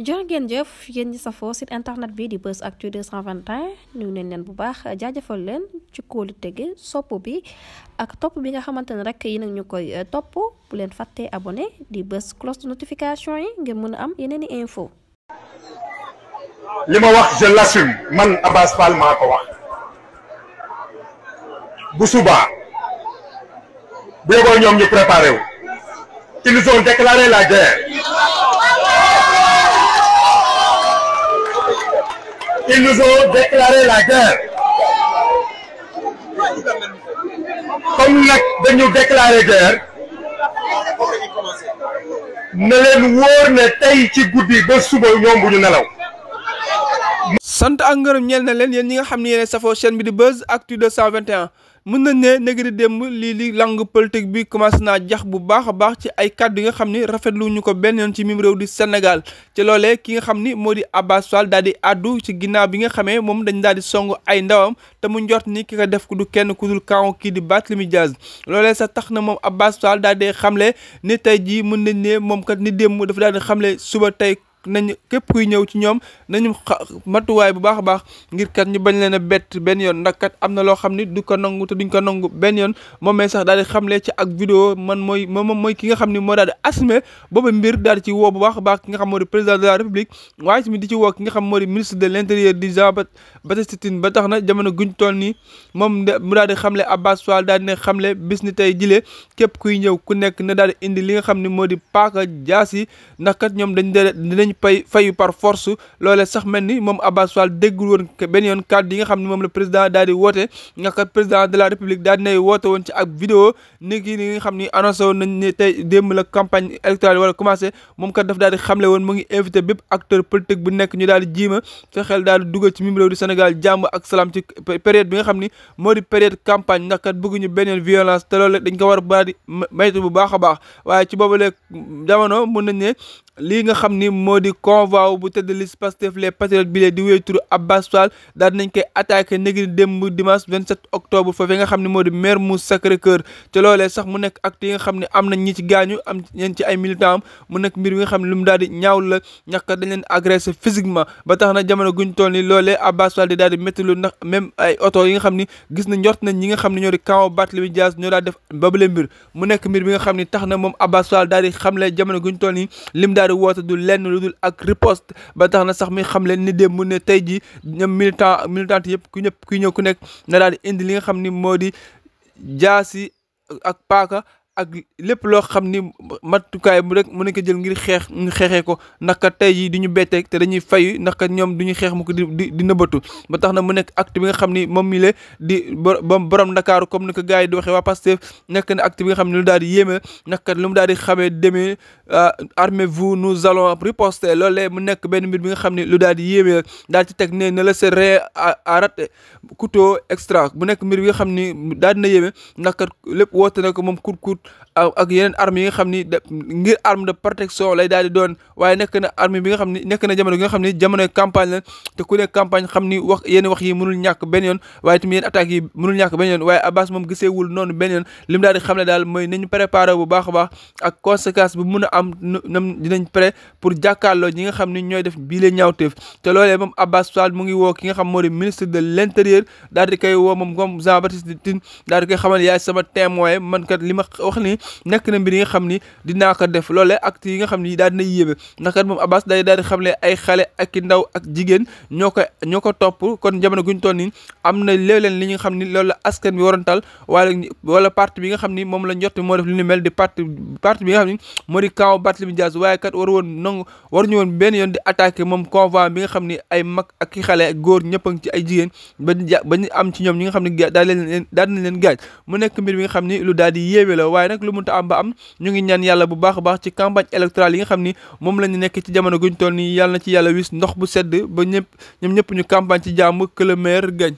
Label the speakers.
Speaker 1: jërë ngeen jëf yéen ñi safoo site internet bi di Buzz Actu 221 ñu neen leen bu baax jaajafal leen ci koolu tege sopp bi ak topp bi nga xamante ne rek yi nag ñu koy eh, topp bu leen fàttee abone di bës cloche de notification yi ngir mën a am yeneen i info li ma wax je l'assume man Abass Fall ko wax bu subaa bu yeboo ñoom ñu préparé wu ils la guerre Ils nous ont déclaré la guerre comme nag dañu déclaré guerre ne leen wóor ne tey ci guddi ba suba ñoom bu ñu nelaw. sant ak ngërëm ñeel na leen yéen ñi nga xam ne yéen safoo chaîne bi di Buzz Actu 221 mën nañ ne négri démb lii li langue politique bi commencé naa jax bu baax a baax ci ay kàddu yi nga xam ni rafetlu ñu ko benn yoon ci mim réew di senegal ci loole ki nga xam ni moo di Abass Fall daal di àddu ci ginnaaw bi nga xamee moom dañ daal di song ay ndawam te mu njort ni ki ko def du kenn ku dul kaw kii di Barthélémy Dias loolee sa tax na moom Abass Fall daal di xamle ni tey jii mën nañ ne moom kat ni démb dafa daal di xamle suba tey nañu képp kuy ñëw ci ñoom nañu matuwaay bu baax a baax ngir kat ñu bañ leen a bett benn yoon ndax kat am na loo xam ni du ko nangu te duñ ko nangu benn yoon moom mee sax daal di xamle ci ak vidéo man mooy moom mooy ki nga xam ni moo daal di assumé boobu mbir daal di ci woo bu baax baax ki nga xam moo di président de la république waaye tamit di ci woo ki xam moo di ministre de l' intérieur Jean Baptiste Tine ba tax na jamono guñ toll nii moom mu daal di xamle Abass Fall daal dina xamle bis ni tey jilee képp kuy ñëw ku nekk na daal di indi li nga xam ni moo di paaka jaas yi ndax kat ñoom dañ dinañ dinañ pay fayu par force loole sax mel ni moom Abass Fall déggul woon benn yoon kàddu yi nga xam ne moom la président daal di woote nga la république daal dinay woote woon ci ak vidéo ni ki ni nga xam ni annoncé woon nañ ne démb la campagne électorale wala commencé moom kat daf daal xam xamle woon mu ngi invité bépp acteur politique bu nekk ñu daal di jiima fexeel daal di dugal ci mim réew Sénégal jàmm ak salaam ci période bi nga xam ni moo di période campagne ndax kat bëgguñu beneen violence te loolu dañ ko war a baal di maytu bu baax a baax waaye ci boobu jamono mën nañ ne lii nga xam ni moo di convoi bu tëdd liste Pastef les patriotes bi lee di wéy turu Abbas Fall daal nañ koy attaqué négri démb dimanche 27 octobre foofee nga xam ne moo di Mermoz Sacré-Cœur te loolee sax mu nekk acte yi nga xam ne am nañ ñi ci gaañu am ñeen ci ay militant mu nekk mbir bi nga xam ne lu mu daal di ñaaw la ñàkk dañ leen agressé physiquement ba tax na jamono guñ toll ni loolee daal di métti lu ndax oto yi nga xam ni gis na njort nañ ñi nga xam ne ñoo di camp Barthélémy Dias ñoo daal def babale mbir mu nekk mbir bi nga xam ni tax na moom Abbas Fall daal xam xamle jamono guñ toll ni lim daal di woote du lenn lu dul ak riposte ba na sax mi xam leen ni démb ne tey ji ñoom militant militante yëpp ku ku ñëw ku nekk na daal di indi li nga xam ni moo di jaasi ak paaka ak lépp loo xam ni kaay mu rek mën nañ ko jël ngir xeex ñu xeexee ko naka tey jii du ñu betteeg te dañuy fay naka ñoom du ñu xeex mu ko di di di nëbbatu ba tax na mu nekk acte bi nga xam ni moom mi la di borom Ndakaaru comme ni ko gars yi di waxee waa Pastef nekk na acte bi nga xam ne lu daal di yéeme naka lu mu daal di xamee demee euh, armez-vous nous allons riposter loolee mu nekk benn mbir bi nga xam ne lu daal di yéeme daal ci teg ne ne la c'est rien à rater couteau extra bu nekk mbir bi nga xam n daal dina yéeme na ko moom kur ak yeneen armes yi nga xam ni ngir arme de protection lay daal bi nga xam ni nekk na jamono gi nga xam ni jamono campagne la te ku nekk campagne xam ni wax yenn wax yi mënul ñàkk benn yoon waaye tamit yenn attaques yi mënul ñàkk benn yoon waaye Abbas moom giseewul noonu benn yoon li mu xam ne daal mooy nañu préparé bu baax a baax ak conséquence bi mun a am nam dinañ prêt pour jàkkaarloo ñi nga xam ni ñooy def bii la ñaawteef te loolee moom Abbas Fall mu ngi woo ki nga xam moo di l' intérieur sama témoin man wax ni nekk na mbir yi nga xam ni dinaa ko def loolee acte yi nga xam ni daal dina yéeme kat moom Abbas day xam le ay xale ak ndaw ak jigéen ñoo ko ñoo ko topp kon jamono guñ toll ni am na léeg li nga xam ni loolu la askan bi waroon tal wala wala parti bi nga xam ni moom la njott moo def li ñu mel di parti parti bi nga xam ni moo di camp Barthélémy Dias woon benn yoon di attaqué moom convoi bi nga xam ni ay mag ak i xale góor ñëpp ci ay jigéen ba ñu am ci ñoom ñi nga xam ne daal leen daal nañ leen gaaj mu nekk mbir bi nga xam ni lu daal di waaye nag lu munta am ba am ñu ngi ñaan yàlla bu baax a baax ci campagne électorale yi nga xam ni moom la ñu nekk ci jamono guñ toll nii yàlla ci yàlla wis ndox bu sedd ba ñëpp ñoom ñëpp ñu campagne ci jàmm que le maire